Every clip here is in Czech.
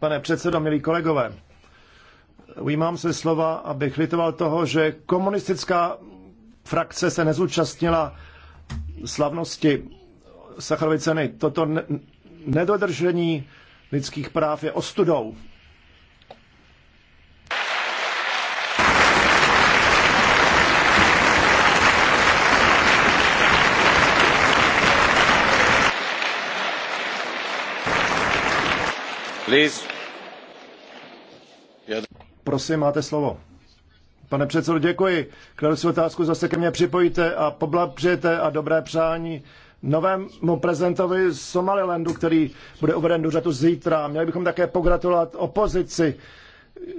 Pane předsedo, milí kolegové, ujímám se slova, abych litoval toho, že komunistická frakce se nezúčastnila slavnosti Sacharovy ceny. Toto nedodržení lidských práv je ostudou Prosím, máte slovo. Pane předsedo, děkuji. Kladu otázku, zase ke mně připojíte a poblapřejete a dobré přání novému prezidentovi Somalilandu, který bude uveden do řadu zítra. Měli bychom také pogratulovat opozici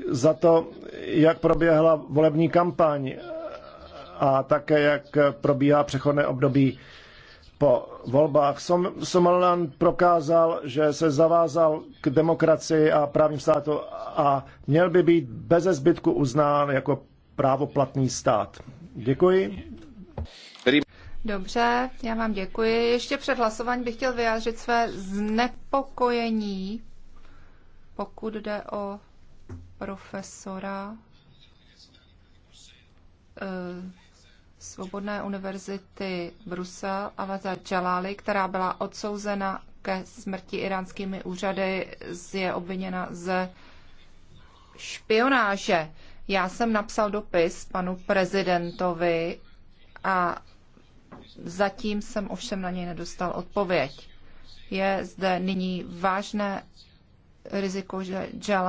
za to, jak proběhla volební kampaň a také jak probíhá přechodné období po volbách. Som, Somaliland prokázal, že se zavázal k demokracii a právním státu a měl by být bez zbytku uznán jako právoplatný stát. Děkuji. Dobře, já vám děkuji. Ještě před hlasováním bych chtěl vyjádřit své znepokojení, pokud jde o profesora eh, Svobodné univerzity Brusa Avaza Jalali, která byla odsouzena ke smrti iránskými úřady, je obviněna ze špionáže. Já jsem napsal dopis panu prezidentovi a zatím jsem ovšem na něj nedostal odpověď. Je zde nyní vážné riziko, že Jalali